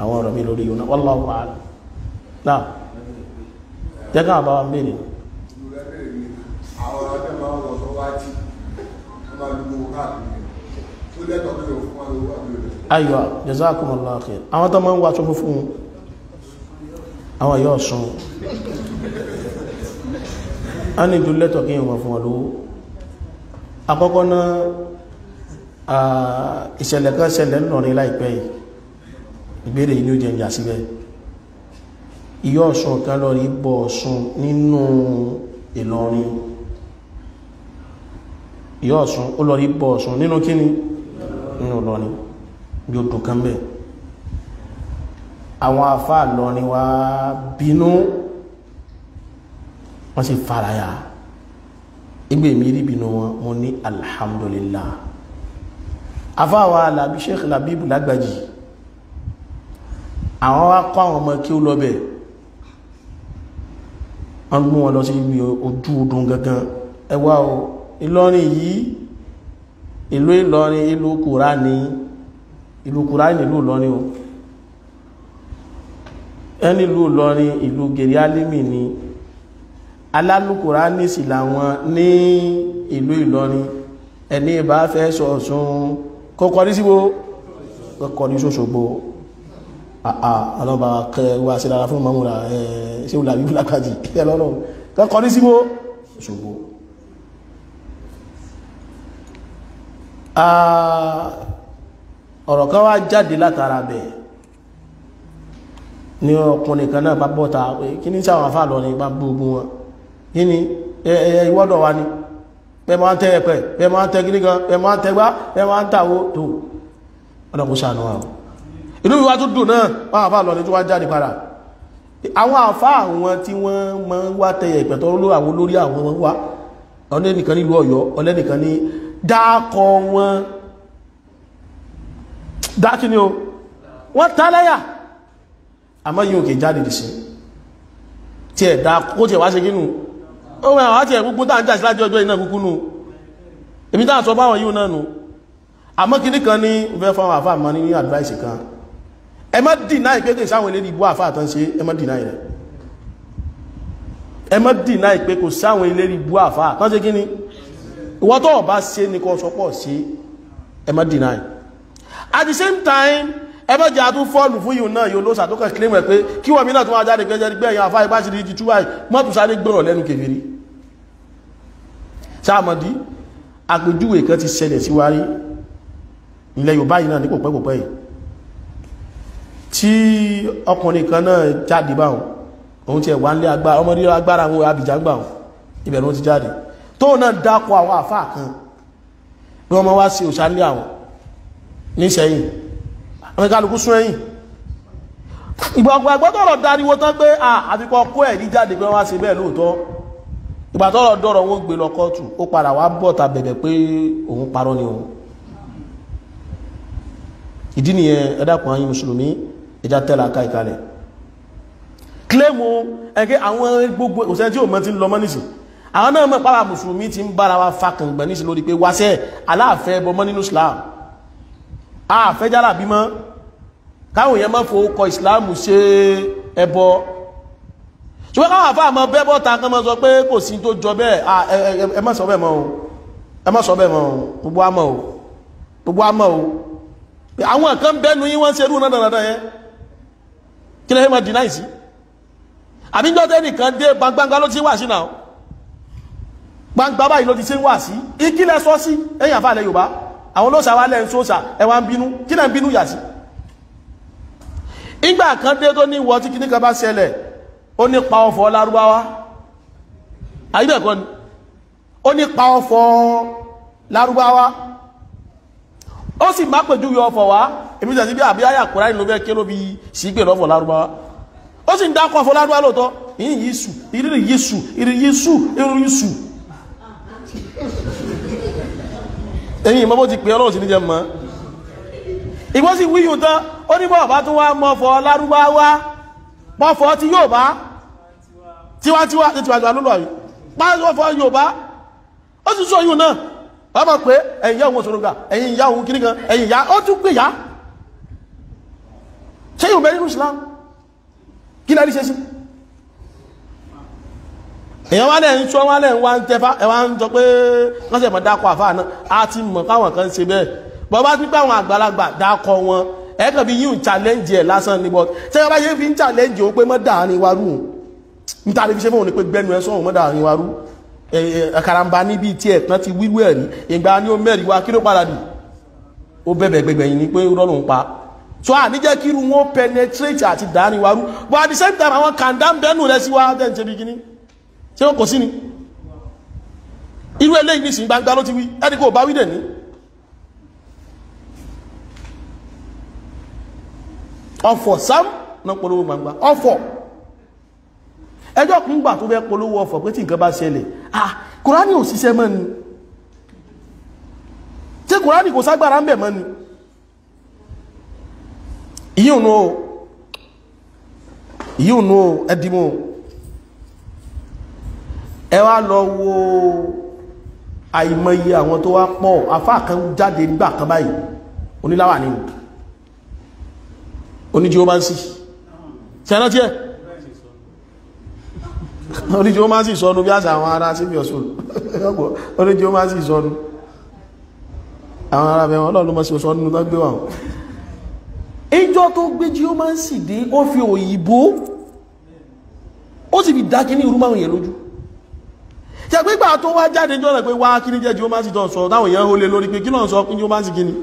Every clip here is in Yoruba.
àwọn ọ̀rọ̀ mi lórí yóò náà wallahu a'lam náà jẹ́ ká bá wa ń bèèrè ayọ̀ jazakumullahu khair àwọn tó máa ń wáṣọ fúnfún àwọn yóò sun a ní ìdú lẹ́tọ̀ kí ìwọ̀n fún ọlọ́wọ́ àkọ́kọ́ náà ìṣẹ̀lẹ̀ kan láìpẹ́ yìí ìbéèrè yìí ló jẹ ìyà síbẹ̀ ìyọ́ ọ̀sùn kan lọ rí bọ̀ ọ̀sùn nínú ìlọrin ìyọ́ ọ̀sùn ó lọ rí bọ̀ ọ̀sùn nínú kíni nínú ìlọrin bí ó dùn kan bẹ́ẹ̀ àwọn afá ìlọrin wá bínú wọ́n sì faraya igbe mi rí bínú wọn mo ní alhamdulillah afá wa làbí sheikh labibu lágbàjì la àwọn wá kọ́ àwọn ọmọ kí ó lọ́bẹ̀ wọ́n mú wọn lọ sí ibi ojú odò gangan ẹ wá o Ìlọrin yìí ìlú Ìlọrin ìlú Kùránì ìlú Kùránì ìlú Ìlọrin o ẹni ìlú Ìlọrin ìlú gèrè alimi ni alálùkùránì sì làwọn ní ìlú Ìlọrin ẹni ìbá fẹ́ sọ̀ọ̀sùn kọkọrí síwó kọkọrí sọ́sọ́gbó àlọ́ba wá sí lára fún mamura ṣé wùlà bí wùlàkàjì ẹ lọ́rọ̀ kọ́kọ́ ní síwó ṣògbó ọ̀rọ̀ kan wá jáde látara bẹ̀ ni ọkùnrin kan náà bá bọ́ta kí ní sáwọn afá lọ ní bá gbogbo wọn kí ni ìwọ́dọ̀ wa ni pẹ máa ń tẹ́ ẹ̀pẹ̀ pẹ máa ń tẹ́ gínígan pẹ máa ń tẹ́gbá pẹ máa ń inú mi wá tún dùn náà wọ́n àfà lọ ní tó wá jáde padà àwọn àfà àwọn tí wọ́n mọ́ wá tẹyẹ ìpẹ̀tọ́ àwọn olórí àwọn wọn wá ọlẹ́nìkan nílùú ọ̀yọ́ ọlẹ́nìkan ní dákọ wọn dákí ni o wọ́n tálẹ́yà àmọ́ yíò kè jáde dìsí tí ẹ̀ dákó tí ẹ̀ wá ṣe gínú ó wọ́n àmọ́ kìnnìkan ní ó fẹ́ fáwọn àfáà mọ́ ní advice kan ẹ má dìnà ìpé kò sáwọn ilé ìbú àfáà tán ṣe ẹ má dìnà ìrẹ̀ ẹ má dìnà ìpé kò sáwọn ilé ìbú àfáà tán ṣe kíní ìwọ́n tó bá ṣe ní kọ́ sọpọ̀ sí ẹ má dìnà ì at the same time ẹ má jẹ́ àtún fọ́ọ̀lù fún yìí náà yóò ló sàtókàn kílẹ̀mù ẹ̀ pé kí wọ́n mi náà tó wá jáde gẹ́gẹ́ rí gbẹ̀yìn àfáà ipá ṣìrí jù túwáì mọ́tò sáré gbọ́rọ̀ lẹ́nu kèfèrí sáàmọ̀dí àpèjúwe kan ti ṣẹlẹ̀ síwárí ilẹ̀ Yorùbá yìí náà ní kò pẹ́kò pẹ́yìn tí ọkùnrin kan náà jáde báwọn òun ti ẹ̀wà ńlẹ̀ agbára ọmọdé agbára àwọn abìjà ń gbà wọn ibẹ̀ ló ti jáde tóun náà dákọ̀ àwọn àfáà kan bí wọ́n máa wá sí òṣà ńlẹ̀ àwọn níṣẹ́yìn àwọn ìkálukú sún ẹ̀yìn ìgbàgbọ́ gbọ́dọ̀rọ̀ dariwo tán pé àfikọ́ kó ẹ̀ ní jáde pé wọ́n wá sí bẹ́ẹ̀ lóòótọ́ ìgbà tọ́rọ̀ dọ̀rọ̀ wọn gbé lọ kọ́ọ̀tù ó padà wá bọ̀ ta bẹ̀bẹ̀ pé òun parọ́ ni òun ìdí nìyẹn ẹ dákun ayé mùsùlùmí ìjà tẹ́lá ká ìkalẹ̀ kílẹ̀mù ẹgbẹ́ àwọn gbogbo òṣẹ́ tí ò mọ́ ti ń lọ mọ́ nìsìn àwọn náà mọ̀ pàwà mùsùlùmí ti ń bára wa fakàngbẹ̀ nìsìn lórí pé wáṣẹ́ aláàfẹ́ ẹbọ mọ́ nínú Islam àfẹ́ jára bí mọ́ káwọn èèyàn mọ́ fowókọ Islam ṣe ẹbọ ṣùgbọ́n káwọn àfà mọ́ bẹ́bọ́ ta kan mọ́ sọ pé kò sí tó jọ bẹ́ẹ̀ ẹ má sọ bẹ́ẹ̀ mọ́ o ẹ má sọ bẹ́ẹ̀ mọ́ gbogbo àmọ́ o àwọn kan bẹ́nu yín wọ́n ṣerú náà dáadáa yẹn kí lẹ́yìn máa deny sí àbí jọ́tẹ́ nìkan dé gbangbangba ló ti wà sí náà gbangba báyìí ló ti ṣe ń wà sí ikí lẹ sọ sí ẹ̀yìn àfáà lẹ Yorùbá àwọn olóòṣà wa lẹ́ ń sóòṣà ẹ wá ń bínú kí lẹ́ ń bínú yà sí ìgbà kan dé tó ní ìwọ tí kìnnìkan bá ṣẹlẹ̀ ó ní pa ọ̀fọ̀ lárúbáwá àyíbẹ̀kọ́ ni ó ní pa ọ̀fọ̀ lárúbáwá ó sì má pèjúwe ọ̀fọ̀ wá èmi tẹ̀sí bí àbí àyà kúrá ní ló fẹ́ kéró bí sígbè lọ́fọ̀ lárúbáwá ó sì ń dákọ̀ ọ̀fọ̀ lárúbá lóòótọ́ ìyìn yíṣù ìrírí yíṣù ìrírí yíṣù ìrírí yíṣù ẹ̀yìn ìmọ́ bó ti pè ọlọ́run sí ní jẹ mọ́ ìwọ́ sì wíyùn tán ó ní bọ́ọ̀bá tó wá mọ́fọ́ lárúbáwá mọ́fọ́ ti yóò bá tiwantiwa ti tiwantiwa lólọ́ yìí pàṣẹ fọ́ yóò bá ó sì sọ yùn náà a máa pé ẹ̀yìn yá òun òṣòrògbà ẹ̀yìn yá òun kiri kan ẹ̀yìn yá ó tún pè yá ṣé yóò bẹ̀rẹ̀ nínú Islam kí lẹ́rí ṣe sí èyàn wá lẹ́yìn tí wọ́n wá lẹ́yìn wá ń tẹ́fà ẹ̀wà ń jọ pé wọ́n sì mọ̀ dákọ̀ àfáà náà a ti mọ̀ káwọn kan ṣe bẹ́ẹ̀ bọ́ bá ti pé àwọn àgbàlagbà dákọ̀ wọn ẹ̀ẹ́kàn bí yíò challenge ẹ̀ lásán ni but ṣé wọ́n bá yẹ fi ń challenge ó pé mọ́ dàárín wa rú nítorí fi ṣe fún òun ni pé gbẹ́nu ẹ̀ sọ́hùn mọ́ dàárín wa rú karamba níbi tí ẹ̀kan ti wíwú ẹ̀ ní ìgbà ní o mẹ́rin wa kí padà dùn ó bẹ̀bẹ̀ gbẹ̀gbẹ̀ yìí ni pé rọ́lùn pa so à níjẹ́ kí irú wọn penetrate àti dání wa but at the same time àwọn kàndán bẹ́nu rẹ̀ sí wa dẹ́n ṣe bí kíní ṣé wọn kò sí ni irú eléyìí nísìnyí gbangba ló ti wí ẹni kò bá wí dẹ̀ ní. ọ̀fọ̀ sam náà polówó gbangba ọ̀fọ̀ ẹjọ́ kún gbà tó fẹ́ polówó ọ̀fọ̀ pé tí nǹkan bá ṣẹlẹ̀ ah kùránì ò ṣiṣẹ́ mọ́ ni tí kùránì kò ságbára ń bẹ̀ mọ́ ni ìyíùnú o ìyíùnú o ẹdìmú ẹ wá lọ wo àìmọye àwọn tó wá pọ̀ àfáà kan jáde nígbà kan báyìí oníláwà nínú oníjí ó bá ń sí ṣe ẹ̀rántí ẹ̀ oríjì ó máa sì sọ́nu bí àṣà àwọn ará sí ìyọ̀sọ́ oríjì ó máa sì sọ́nu àwọn ará bẹ̀rẹ̀ ọlọ́run mọ́ sí sọ́nu tó gbé wà ìjọ tó gbé jí ó máa ń sì dé ó fi òyìnbó ó sì fi dákí ní irúmáwọn èèyàn lójú ṣe pé gbà tó wá jáde jọ́nà pé wá kí ní jẹ́ jí ó máa sì tọ́ sọ táwọn èèyàn ó lè lórí pé kí lọ́n sọ pé jí ó máa sì kí ni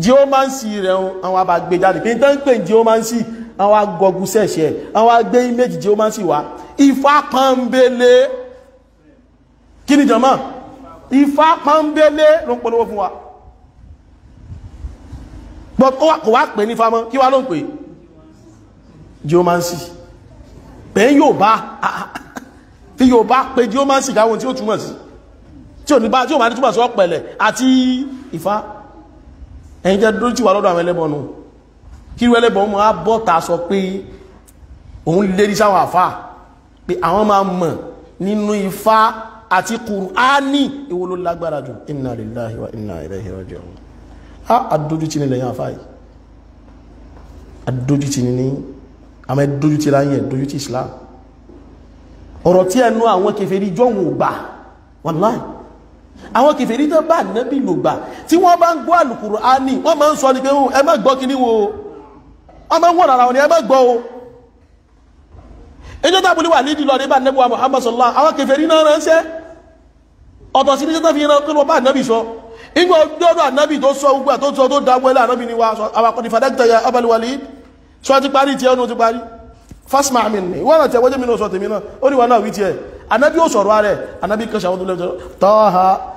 jí ó máa sì rẹ̀ àwọn abàgbé jáde pé tán pè jí ó máa sì àwọn agọgun sẹ̀ṣẹ̀ àwọn agbé méjì tí ó máa sì wá ifá kí ni jọmọ́ ifá pọ́nbélé fún wa gbọ́ kò wá pè ní famọ́ kí wá ló ń pè geomancy pé yóò bá fi yóò bá pé geomancy káwọn tí ó túmọ̀ sí tí ò ní bá tí ò máa ní túmọ̀ sí ọ̀pẹ̀lẹ̀ àti ifá ẹ̀yin jẹ́ dójú wà lọ́dọ̀ àwọn ẹlẹ́bọnù kí rẹ́lẹ́bọ̀ mọ́ á bọ́ta sọ pé òun lérí sáwọn àfá pé àwọn máa mọ̀ nínú ifá àti kùránì èwo ló lágbára jù inna lillahi wa inna ilaihi raji'un á àdójútì nílẹ̀ yàn àfá yìí àdójútì ní àmọ́ ẹdójútì láyé ẹdójútì Islam ọ̀rọ̀ tí ẹnu àwọn kèfèrí jọ́hun ò gbà wallahi àwọn kèfèrí tó bá nẹ́bì lò gbà tí wọ́n bá ń gbọ́ àlùkùránì wọ́n máa ń sọ ní pé ẹ má gbọ́ kíní wo ọmọ wọn ara wọn ẹ má gbọ́ o ẹjọ́ tábùlì wà nídìí lọ́dẹ bá nẹ́bùwà Muhammad sallallahu àwọn kèfèrí náà ránṣẹ́ ọ̀tọ̀ sí níṣẹ́ tó fi rán pínlọ bá ànábì sọ ìgbà ọdọ́dọ̀ ànábì tó sọ gbogbo àtọ́tọ́ tó dáwọ́lẹ̀ ànábì ni wa àwọn akọni fàdákítà ya Abal Walid sọ ti parí tí ẹnu ti parí fásmà àmì ní wọ́n náà tẹ́wọ́jẹ́ mi náà sọ tèmi náà ó ní wọn náà wí tiẹ̀ ànábì ó sọ̀rọ̀ rẹ̀ ànábì kan ṣàwọn tó lẹ́jọ́ tọ́ha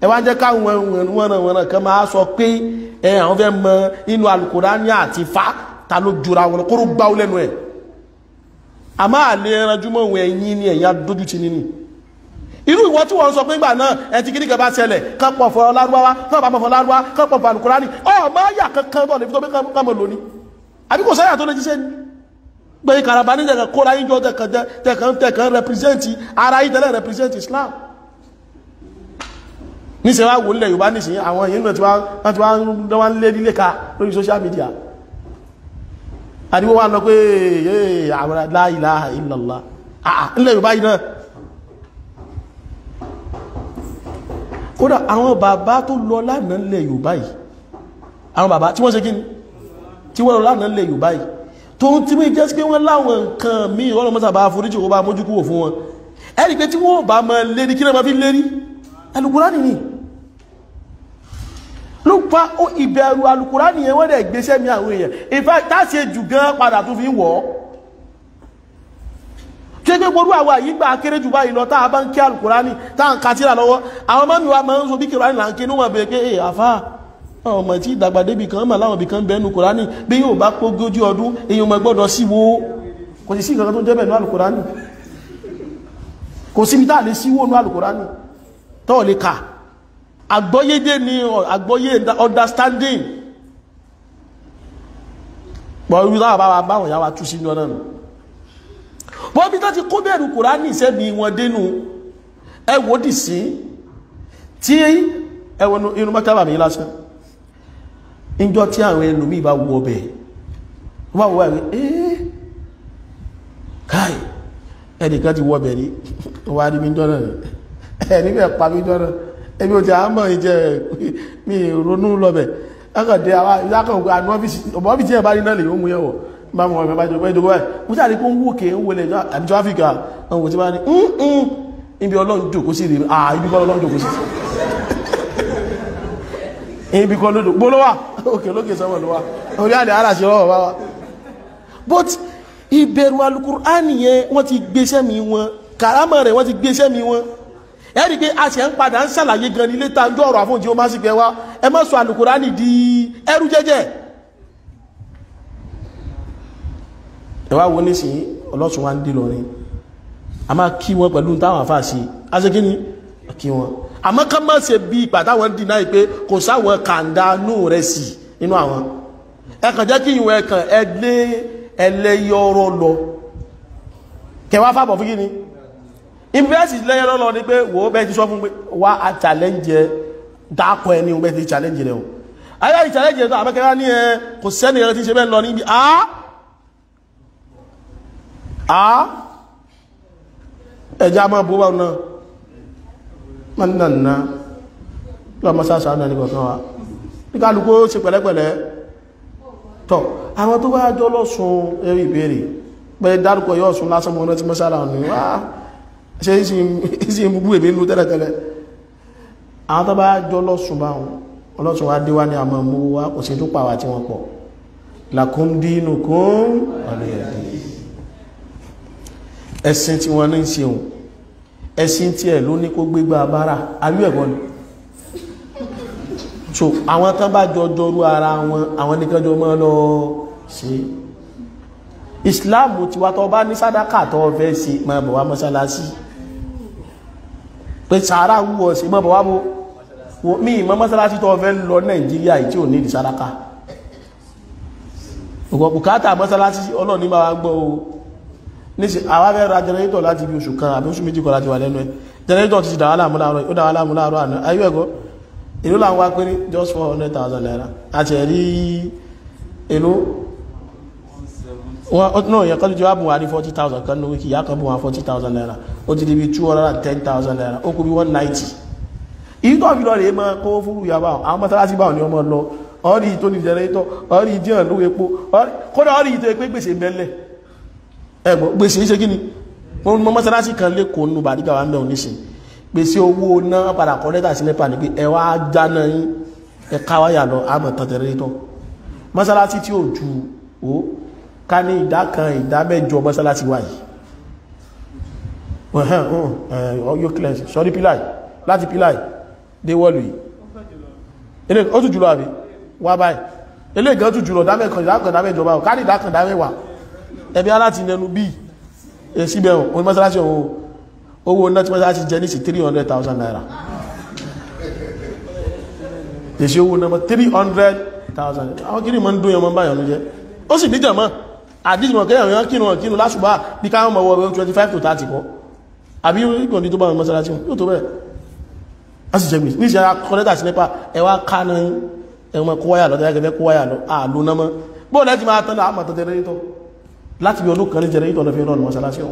ẹ wá jẹ́ káwọn wọnàwọnà kan máa sọ pé ẹ àwọn fẹ́ mọ inú alukurani àti fa ta ló jura wọn kóró gbáwó lẹ́nu ẹ̀ àmọ́ àlè ẹranjú mọ́ òun ẹ̀yìn ni ẹ̀yà dójú ti nínú irú ìwọ tí wọ́n sọ pé gbà náà ẹ ti kíníkan bá ṣẹlẹ̀ kán pọ̀ fọ lárúbáwá kán bá pọ̀ fọ lárúbá kán pọ̀ fọ alukurani ọmọ ayà kankan bọ̀ níbi tó pé kán mọ̀ àbí kò sáyà tó lè jíṣẹ́ ni gbẹ̀yìn karabani tẹ̀kàn kóra yín jọ tẹ̀kàn tẹ̀kàn represent ara yín represent Islam níṣẹ́ wá wò nílẹ̀ Yorùbá níṣẹ́ àwọn èyí náà tí wá ń lé nílé ka lórí social media àdíwọ́ wá lọ pé yẹ́ àwọn la ilaha illallah nílẹ̀ Yorùbá yìí náà kódà àwọn bàbá tó lọ lánàá nílẹ̀ Yorùbá yìí àwọn bàbá tí wọ́n ṣe kíni tí wọ́n lọ lánàá nílẹ̀ Yorùbá yìí tó ń tí wọ́n jẹ́ sí pé wọ́n láwọn nǹkan míì ọlọ́mọ́sàbá foríjì kó bá mójúkúwò fún wọn ẹ̀rí pé tí wọ́n bá mọ lérí kí lọ́mọ́ fi lérí alukurani ni ló pa ó ìbẹ̀rù alukurani yẹn wọ́n dẹ̀ gbéṣẹ́ mi àwọn èèyàn in fact táṣe jù gan padà tó fi ń wọ̀ ọ́ tí ó akéré jù báyìí lọ tá a bá ń kí alukurani tá a ń ka síra lọ́wọ́ àwọn ọmọ mi wa máa ń so bí kìrání là ń ké ní wọn bèèrè pé èè àfáà àwọn ọmọ tí ìdàgbà débì kan mà láwọn ibìkan bẹnu kùránì bí yóò bá pógójú ọdún èyí ọmọ gbọ́dọ̀ síwó kò sí sí ìkankan tó jẹ́ bẹ̀nu alùkùránì kò sí mítà lè síwó nú alùkùránì tọ́ lè kà àgbọ́yédé ni àgbọ́yé understanding pọ̀ orí láwọn báwa báwọn yàwá tú sínú ọ̀nà nù bọ́bí tó ti kó bẹ̀rù kùránì sẹ́bi wọn dénú ẹ wò dì sí tí ẹ wọ inú mọ́tàbà mi lásán níjọ́ tí àwọn ẹlòmíì bá wọ ọbẹ̀ wọ́n bá wọ ẹ̀rí ẹ́ẹ́ káì ẹnìkan ti wọ ọbẹ̀ rí wọ́n á rí ẹ̀rí bẹ̀ pa mí jọ́nà ẹbí o ti à ń mọ̀ ìjẹ́ mi ronú lọ́bẹ̀ ẹkọ̀dé àwọn ìyákọ̀ọ̀gbọ̀ àná ọ́fíìsì ẹ̀ bá rí náà lè yóò mú yẹ̀wọ̀ bá mọ̀ ọ̀rẹ́ bá jọ pé ìdókòwò ẹ̀ mo sáré kó ń wòkè ń wọlé àbí tráfíkà àwọn òtí bá ní ibi ọlọ́run jòkó sí rèé àà ibi kọ́ ọlọ́run jòkó sí ibi kọ́ lódò gbólówà òkè lókè sọ́mọ̀ lówà orí àdé aláṣẹ ọ̀rọ̀ wá wá but ìbẹ̀rù alukur'ani yẹn wọ́n ti gbéṣẹ́ mi wọn kàrámà rẹ̀ wọ́n ti gbéṣẹ́ mi wọn ẹ̀rí pé a sì ń padà ń ṣàlàyé gan nílé tá ǹjọ́ ọ̀rọ̀ àfóúnjẹ ọmọ wá di ẹrú jẹ́jẹ́ ẹ wo nísìnyí ọlọ́sùn wa ń dé lọrin a máa wọn pẹ̀lú táwọn a kí wọn àmọ́ ká má ṣe bí ìgbà táwọn dì náà pé kò sáwọn invest lẹ́yìn lọ́lọ́ ni pé wò ó bẹ́ẹ̀ ti sọ fún pé wá a challenge ẹ dákọ̀ ẹni o bẹ́ẹ̀ ti challenge rẹ o ayé ti challenge rẹ tó àbẹ́kẹ́rẹ́ ní ẹ kò sẹ́ni ẹ̀rọ ti ṣe bẹ́ẹ̀ lọ níbi a a ẹja máa bó báwọn náà máa nínà nínà lọ́mọ sáàsà náà nìkan kan wa ní kálukú ó ṣe pẹ̀lẹ́pẹ̀lẹ́ tọ́ àwọn tó bá jọ lọ́sùn ẹ̀rí ìbéèrè pé dárúkọ yóò sùn lásán mọ́ ọ́nà tí mọ́sálà ọ̀nà ṣe ìsì ìbúgbú èmì ló tẹ́lẹ̀tẹ́lẹ̀ àwọn tó bá jọ lọ́sùn bá wọn ọlọ́sùn wá dé wá ní àmọ́ mú wá kò sí tó pàwà tí wọ́n pọ̀ lakum dinukum ẹ̀sìn tí wọ́n ní ṣe òun ẹ̀sìn tí ẹ̀ ló ní kó gbégbá bára ayú ẹ̀kọ́ ni so àwọn tán bá jọ jọrú ara wọn àwọn nìkan jọ mọ́ lọ sí Islam tí bá ní sádàkà tó fẹ́ sí máa bọ̀ mọ́sálásí pé sàárà wúwọ́ sí mọ́ bọ̀ wá bó mi ìmọ̀ mọ́sálásí tó fẹ́ lọ nàìjíríà tí ò ní ìdísáráká ọ̀pọ̀ bùkátà mọ́sálásí ọlọ́ọ̀ni máa wá gbọ́ o níṣẹ́ àwa fẹ́ ra jẹnẹrétọ̀ láti ibi oṣù kan àbí oṣù méjì kan láti wà lẹ́nu ẹ̀ jẹnẹrétọ̀ ti dàwálà mú ó dàwálà àná ayé ẹ̀kọ́ èló làwọn wá just four hundred thousand naira àti ẹ̀rí èló wọn náà yẹn kọ́ni tí wàá bùn wá ní forty thousand kan ní wíkì ìyá kan bùn wá forty thousand naira ó ti di bí two hundred and ten thousand naira ó kú bí one ninety ìyí tó fi lọ rèé máa kó fúru ya báwọn àwọn mọ́sálásí báwọn ni wọ́n máa lọ ọ̀rí tó ní jẹrẹ́tọ̀ ọ̀rí díẹ̀ ló epo kódà ọ̀rí tó pé gbèsè mẹ́lẹ̀ ẹ̀ bọ́ gbèsè ṣe kí ni mo mọ́sálásí kan lẹ́kọ̀ọ́ nù bàdígà wa mẹ́wọ̀n níṣẹ́ gbèsè owó náà padà kọ́ lẹ́tà sí nípa níbi ẹ wá jáná yín ẹ káwáyà lọ àmọ̀ tán jẹrẹ́tọ̀ mọ́sálásí tí ò ju o ká ní ìdá kan ìdá mẹ́jọ mọ́sálásí wa yìí yóò kílẹ̀ sọ́rí píláì láti píláì dé wọ́lù yìí ilé ó tù jùlọ àbí wà báyìí ilé ìgán tù jùlọ dámẹ́kan ìdákan dámẹ́jọba ká ní ìdákan dámẹ́wà ẹbí aláti nẹnu bí síbẹ̀ òun mọ́sálásí òun owó náà tí mọ́sálásí jẹ́ ní sí 300,000 naira èsì owó náà 300,000 àwọn kìrì mọ́ ń dún ẹmọ báyọ̀ ó sì níjàmọ́ àdíjì mọ̀ kẹ́yàn yán kírun kírun lásùbá bí káwọn mọ̀ wọ́n 25 to 30 kọ́ àbí ìgbọ̀n ní tó bá wọn mọ́sálásí wọn yóò tó bẹ̀rẹ̀ a sì jẹ́ gbèsè ní ìṣẹ́ra kọ́lẹ́tà sí nípa ẹwà kánà ẹ̀wọ̀n kówáyà lọ tẹ́lẹ́gẹ́fẹ́ kówáyà lọ àlò náà mọ́ bóò lẹ́tì máa tán láàmà tán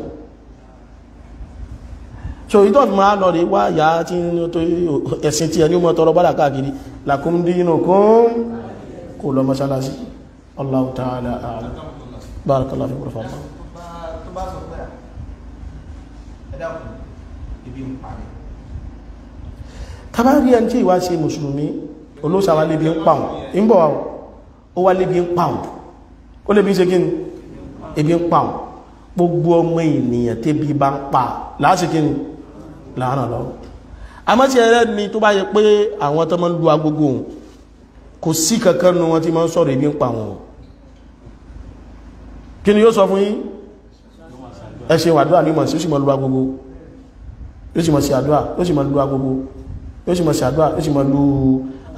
so ìtọ́ fi máa lọ rí wá yá tí ẹ̀sìn tí ẹni ó mọ́ tọrọ bára káàkiri làkúndínú Allahu ta'ala a'lam بارك الله فيك fún الله. تبا sọ pé ẹ̀dàkùn ibi ń parí tàbá rí ẹni tí ìwá ṣe mùsùlùmí olóòṣà wá lébi ń pàwọ̀ ń bọ̀ wà ó wá lébi ń pàwọ̀ ó lébi ṣe kí ni ebi ń pàwọ̀ gbogbo ọmọ ènìyàn tébi bá ń pa lásìkí ni láàrín lọ àmọ́sí ẹ̀rẹ́ mi tó bá yẹ pé àwọn tó máa ń kò sí kankan nu wọn tí máa sọ̀rọ̀ ebi ń pa wọn kí ni yóò sọ fún yín ẹ ṣe wàdúrà ní mọ̀sí ó sì mọ̀ lúwa gbogbo ó sì mọ̀ sí àdúrà ó sì mọ̀ lúwa gbogbo ó sì mọ̀ sí àdúrà ó sì mọ̀ lú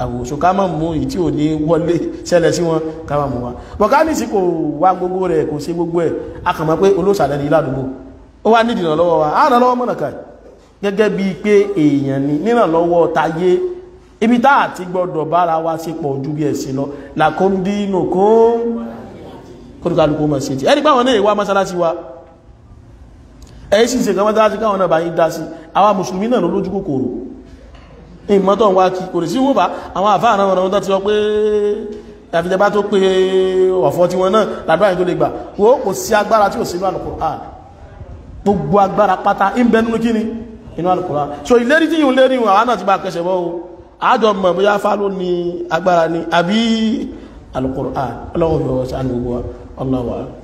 àwòsò ká mọ̀ mú ìtí ò ní wọlé ṣẹlẹ̀ sí wọn ká mọ̀ mú wa bọ̀ká ní sí kò wá gbogbo rẹ̀ kò sí gbogbo ẹ̀ a kàn mọ̀ pé olóṣàlẹ̀ ní ìlàdúgbò ó wá nídìí ìrànlọ́wọ́ wa á ràn lọ́wọ́ mọ̀nà kan gẹ́gẹ́ bíi pé èèyàn ní nírànlọ́wọ́ tayé ibi tá àti gbọ́dọ̀ bára wa ṣe pọ̀ ju bí ẹ̀sìn lọ làkóńdínù kó kódùkálùkù mọ̀ sí ti ẹni báwọn náà wá mọ́sálásí wa ẹ̀yí sì ṣe gọmọ́ dájú káwọn náà bá yí dá sí àwọn mùsùlùmí náà ló lójú kòkòrò ìmọ́tọ̀ wá kí kò rí sí wọ́pá àwọn àfáà náà wọn tó ti sọ pé àfijẹba tó pé ọ̀fọ́ tí wọn náà làdúrà tó lè gbà wo kò sí agbára àwọn náà àjọ mọ̀ bóyá fá ló ní agbára ni àbí Al-Qur'an ọlọ́wọ́ fi sí àgbègbè الله أعلم